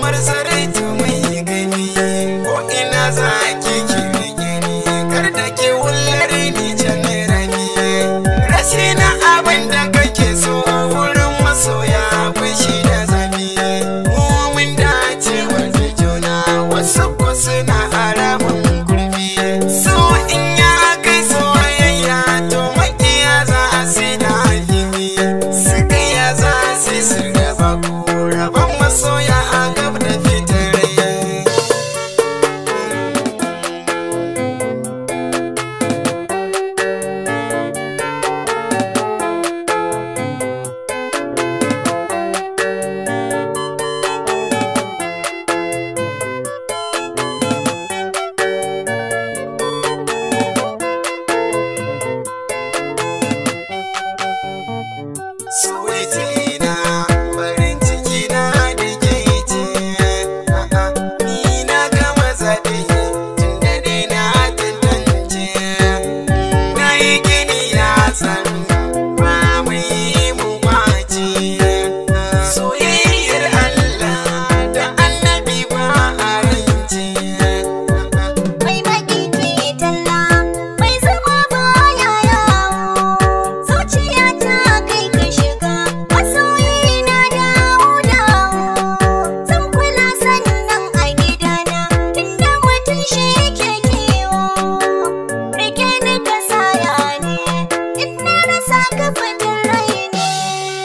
kamar sarauta mai gani ko ina za ki kiri gani kar da ke wullar ni rami rashi na abin da kake so wurin masoya fushi da zami mu mun dace wanda juna wasu ko suna haramun gurbi so in ya kai soyayya to makiya za a sai da halimi su ya za su yi ko rabon masoya